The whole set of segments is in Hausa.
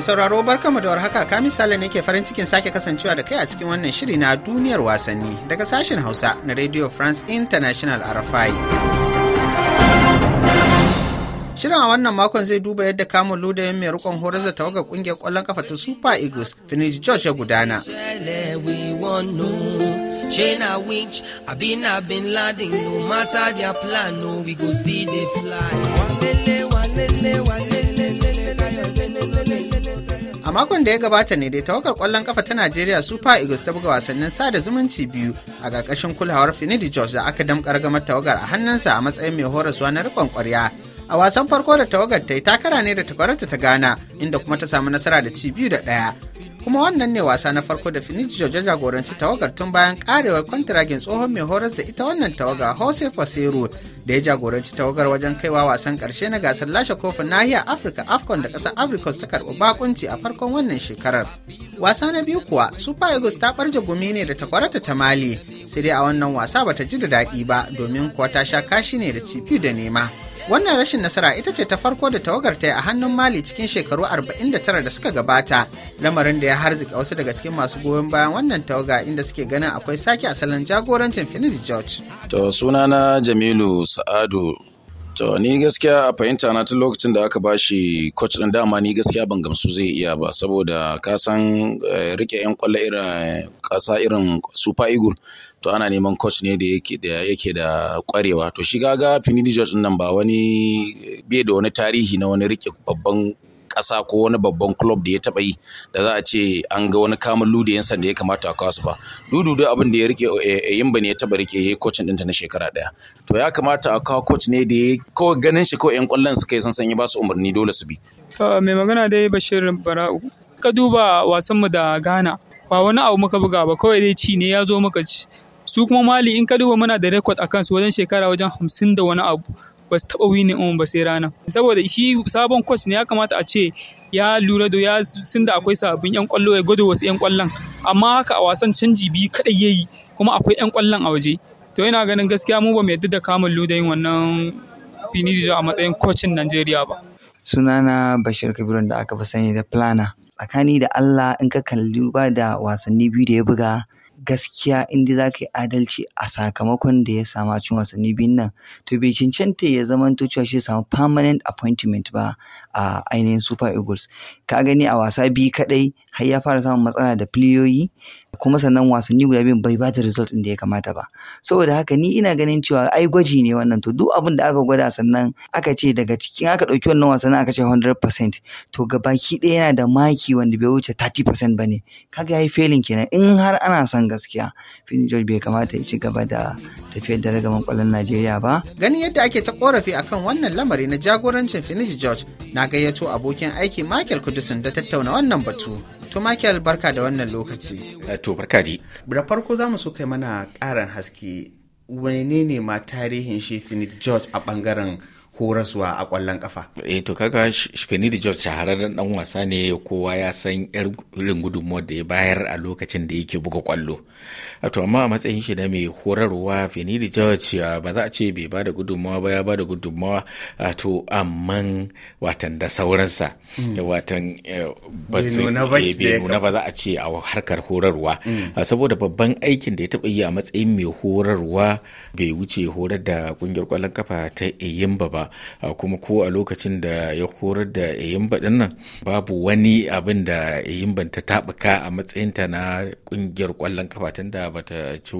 Mai sauraro barkamu da warhaka ka misali ne ke farin cikin sake kasancewa da kai a cikin wannan shiri na duniyar wasanni daga sashen Hausa na Radio France International RFI. Shirin a wannan makon zai duba yadda kamun ludayin mai rukon horar da tawagar kungiyar kwallon kafa ta Super Eagles, finish George ya gudana. Wale, wale, wale. A makon da ya gabata ne dai tawakar kwallon kafa ta Najeriya Super Eagles ta buga wasannin sada zumunci biyu a ƙarƙashin kulawar Finidi George da aka damƙar gamar tawagar a hannunsa a matsayin mai horaswa na rikon ƙwarya. A wasan farko da tawagar ta yi takara ne da takwararta ta gana, inda kuma ta samu nasara da ci biyu da ɗaya. kuma wannan ne wasa na farko da Finidi Jojo jagoranci tawagar tun bayan karewar kwantiragin tsohon mai horar da ita wannan tawaga Jose Fasero da ya jagoranci tawagar wajen kaiwa wasan karshe na gasar lashe kofin nahiyar Afirka Afcon da ƙasar Africa ta karɓi bakunci a farkon wannan shekarar. Wasa na biyu kuwa Super Eagles ta ɓarje gumi ne da takwarata ta Mali sai dai a wannan wasa bata ji da daɗi ba domin kuwa ta sha kashi ne da cifi da nema. Wannan rashin nasara ita ce ta farko da tawagar ta yi a hannun Mali cikin shekaru 49 da suka gabata, lamarin da ya harzika wasu daga cikin masu goyon bayan wannan tawaga inda suke ganin akwai sake asalin jagorancin Finidi George. To sunana Jamilu Sa'adu To ni gaskiya a fahimta na tun lokacin da aka ba shi coach din dama ni gaskiya ban gamsu zai iya ba saboda ka san eh, rike yan kwallo irin kasa eh, irin Super Eagle to ana neman coach ne da yake da yake da kwarewa to shi gaga Finidi George nan ba wani eh, bai da wani tarihi na wani rike babban ƙasa ko wani babban club da ya taɓa yi da za a ce an ga wani kamun lude yan sanda ya kamata a su ba dudu da abin da ya rike eh, eh, yin ne ya taɓa rike yi coaching ɗinta na shekara ɗaya to ya kamata a kawo coach ne da ya ko ganin shi ko yan ƙwallon suka yi sansan ya ba su umarni dole su bi. mai magana dai bashir bara'u ka duba wasanmu da ghana ba wani abu muka buga ba kawai dai ci ne ya zo muka ci su kuma mali in ka duba muna da rekod a kansu wajen shekara wajen hamsin da wani abu ba su taɓa winin in ba sai rana saboda shi sabon coach ne ya kamata a ce ya lura da ya sun da akwai sabbin yan kwallo ya gwada wasu yan kwallon amma haka a wasan canji biyu kadai yayi kuma akwai yan kwallon a waje to ina ganin gaskiya mu ba mu yadda da kamun yin wannan Fini a matsayin kocin Najeriya ba. Sunana Bashir Kabiru da aka fi sani da Plana. Tsakani da Allah in ka kalli ba da wasanni biyu da ya buga gaskiya in dai za ka yi adalci a sakamakon da ya samu a cikin wasanni biyun nan to bai cancanta ya zamanto cewa shi ya samu permanent appointment ba a ainihin Super Eagles. Ka gani a wasa biyu kaɗai har ya fara samun matsala da filiyoyi kuma sannan wasanni guda biyun bai ba da result ɗin da ya kamata ba saboda haka ni ina ganin cewa ai gwaji ne wannan to duk abin da aka gwada sannan aka ce daga cikin aka ɗauki wannan wasannin aka ce 100% to gabaki ɗaya yana da maki wanda bai wuce 30% ne. kaga yi failing kenan in har ana son gaskiya Finn George bai kamata ya ci gaba da tafiyar da ragaman ƙwallon Najeriya ba ganin yadda ake ta korafi akan wannan lamari na jagorancin Finn George na gayyato abokin aiki Michael Kudusin da tattauna wannan batu To Michael barka da wannan lokaci. Eh, to barka di. Da farko za mu so kai mana ƙarin haske ne ma tarihin shi George a ɓangaren horaswa a kwallon kafa. Eh to kaga da George shahararren dan wasa ne kowa ya san yar irin gudunmuwar da ya bayar a lokacin da yake buga kwallo. To amma a matsayin shi na mai horarwa da George ba za a ce bai bada gudunmuwa ba ya bada gudunmuwa to amma watan da sauransa. Hmm. Watan eh, ba eh, nuna ba za a ce a harkar horarwa. Hmm. Saboda babban aikin da ya taɓa yi a matsayin mai horarwa bai wuce horar da kungiyar kwallon kafa ta Eyimba ba. kuma ko a lokacin da ya horar da eyimba din nan babu wani abin da yimban ta tabuka a matsayinta na ƙungiyar kwallon kafa tun da bata ci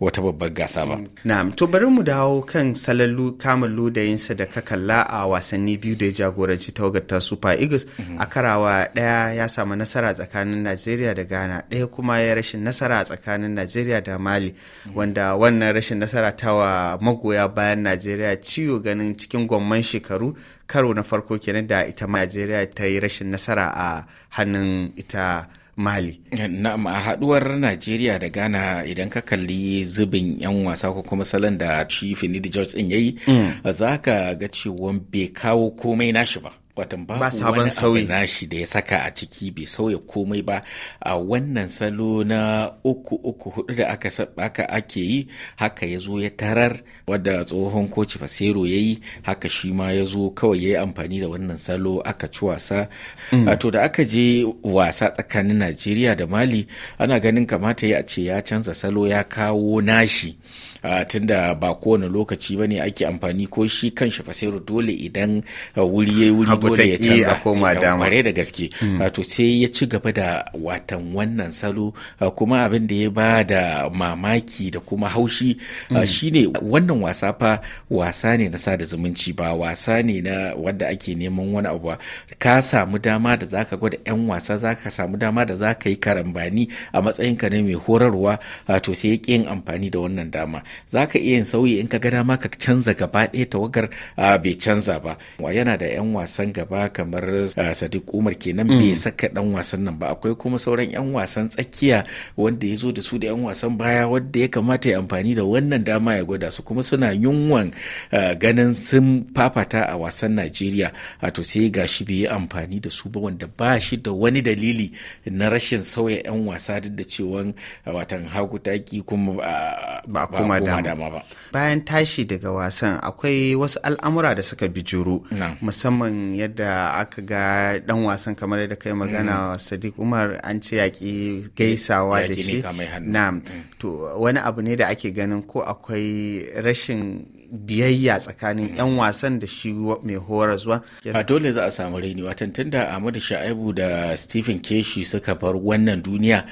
wata babbar gasa ba na'am to bari mu dawo kan salallu kamun ludayinsa da ka kalla a wasanni biyu da ya jagoranci tawagar ta super eagles mhm. a karawa ɗaya ya samu nasara tsakanin najeriya da ghana ɗaya kuma ya rashin nasara tsakanin najeriya da mali mhm. wanda wannan rashin nasara ta wa magoya bayan najeriya ciwo ganin cikin cikin gwamman shekaru karo na farko kenan da ita Najeriya ta yi rashin nasara a hannun ita Mali. Na'am a haduwar Najeriya da Ghana idan ka kalli zubin 'yan wasa ko kuma salon da Chief Finidi George din yayi mm. za ka ga cewa bai kawo komai nashi ba. watan ba sabon sauyi nashi da ya saka a ciki bai sauya komai ba a wannan salo na uku uku hudu da aka saba ake yi haka ya zo ya tarar wadda tsohon koci fasero ya yi haka shi ma ya zo kawai ya yi amfani da wannan salo aka ci wasa mm. to da aka je wasa tsakanin najeriya da mali ana ganin kamata ya ce ya canza salo ya kawo nashi Ah, tunda ba kowane lokaci ba ne ake amfani ko shi kan shi fasero dole idan ah, wuri ya wuri dole ya eh, canza koma dama da gaske hmm. ah, to sai ya ci gaba da watan wannan salo kuma abin da ya ba da mamaki da kuma haushi hmm. shine wannan wasa fa wasa ne na sada zumunci ba wasa ne na wanda ake neman wani abu ba ka samu dama da zaka gwada 'yan wasa zaka samu dama da zaka yi karambani a matsayinka na mai horarwa to sai ya yin amfani da wannan dama za ka iya yin sauyi in ka ga dama ka canza gaba ɗaya tawagar bai canza ba yana da 'yan wasan gaba kamar sadiq umar kenan mm. bai saka dan wasan nan ba akwai kuma sauran 'yan wasan tsakiya wanda ya zo da su da 'yan wasan baya wanda ya kamata ya amfani da wannan dama ya gwada su kuma suna yunwan ganin sun fafata a wasan najeriya to sai ga shi bai yi amfani da su ba wanda ba shi da wani dalili na rashin sauya 'yan wasa duk da cewa watan hagu taki kuma ba kuma dama ba bayan tashi daga wasan akwai wasu al'amura da suka bijiro musamman yadda aka ga ɗan wasan kamar da kai magana mm. sadiq umar an ce yaƙi gaisawa da shi na'am mm. wani abu ne da ake ganin ko akwai rashin biyayya tsakanin 'yan wasan da shi mai zuwa A dole za a samu raini watan tunda Ahmadu Sha'ibu da Stephen Keshi suka bar wannan duniya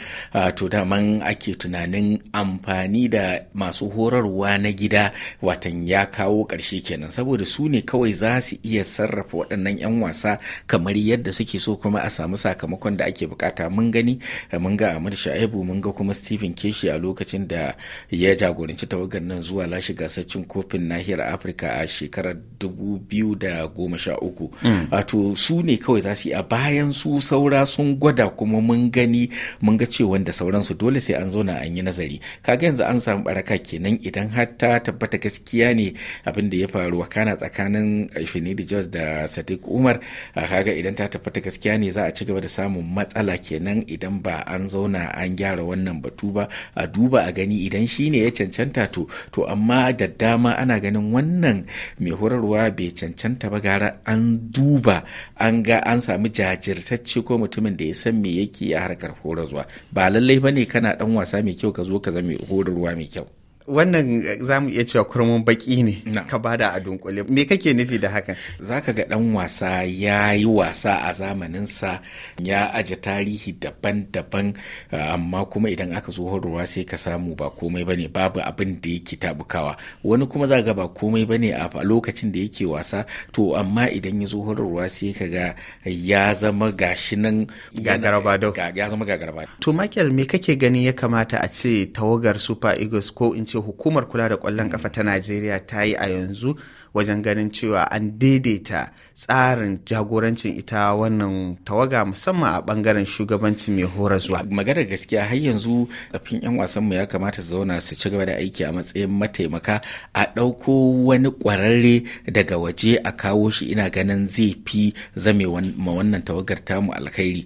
to daman ake tunanin amfani da masu horarwa na gida watan ya kawo ƙarshe kenan saboda su ne kawai za su iya sarrafa waɗannan 'yan wasa kamar yadda suke so kuma a samu sakamakon da ake bukata mun gani mun ga Ahmadu Sha'ibu mun ga kuma Stephen Keshi a lokacin da ya jagoranci tawagar nan zuwa lashe gasar cin kofin nahiyar afirka a shekarar 2013 mm. wato su ne kawai za su yi a bayan su saura sun gwada kuma mun gani mun ga cewa da sauransu dole sai an zauna an yi nazari kaga yanzu an samu baraka kenan idan har ta tabbata gaskiya ne abin da ya faru kana tsakanin finidi jos da sadiq umar kaga idan ta tabbata gaskiya ne za a ci gaba da samun matsala kenan idan ba an zauna an gyara wannan batu ba a duba a gani idan shi ne ya cancanta to to amma da dama ana ganin wannan mai horarwa bai cancanta ba gara an duba an ga an sami jajirtacce ko mutumin da ya san me yake a harkar horarwa ba lallai ba ne kana dan wasa mai kyau ka zo ka zama horarwa mai kyau wannan za mu iya cewa kurmin baki ne ka ba da a dunkule me kake nufi da hakan ka ga dan wasa ya yi wasa a zamaninsa ya aje tarihi daban-daban amma kuma idan aka zo horarwa sai ka samu ba komai bane babu abin da yake tabukawa wani kuma za ga ba komai bane a lokacin da yake wasa to amma idan ya zo horarwa sai ka ga ya zama gashi nan ya zama gagarabado to Michael me kake gani ya kamata a ce tawagar Super Eagles ko in ce hukumar kula da kwallon kafa ta najeriya ta yi a yanzu wajen ganin cewa an daidaita tsarin jagorancin ita wannan tawaga musamman a bangaren shugabanci mai horaswa. Maganar gaskiya har yanzu tsafin 'yan wasanmu ya kamata zauna su ci gaba da aiki a matsayin mataimaka a ɗauko wani ƙwararre daga waje a kawo shi ina ganin zai fi zame ma wannan tawagar tamu alkhairi.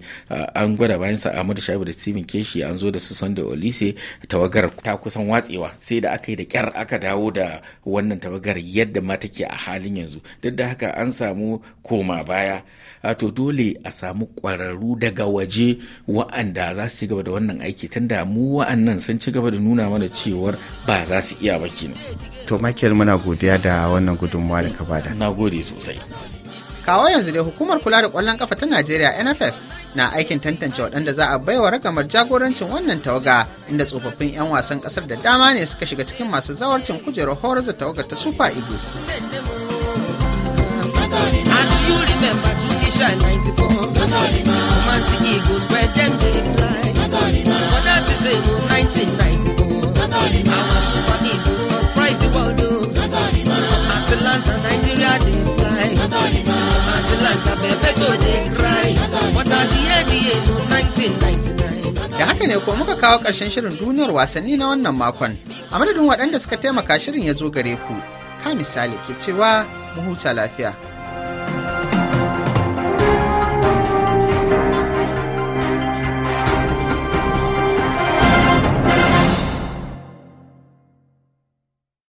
An gwada bayan sa Ahmadu Shabi da Steven Keshi an zo da su da Olise tawagar ta kusan watsewa sai da aka yi da kyar aka dawo da wannan tawagar yadda ma take ake a halin yanzu duk da haka an samu koma baya a to dole a samu ƙwararru daga waje wa'anda za su ci gaba da wannan aiki tun da mu wa'annan sun ci gaba da nuna mana cewar ba za su iya ba kenan to michael muna godiya da wannan gudunmawa da ka bada na gode sosai kawo yanzu dai hukumar kula da kwallon kafa ta najeriya nff na aikin tantance waɗanda za a baiwa ragamar jagorancin wannan tawaga inda tsofaffin 'yan wasan ƙasar da dama ne suka shiga cikin masu zawarcin kujerar horar tawagar ta super eagles Atlanta, Nigeria, they fly. Da haka ne ko muka kawo ƙarshen shirin duniyar wasanni na wannan makon, a madadin waɗanda suka taimaka shirin ya zo gare ku, ka misali ke cewa mu huta lafiya.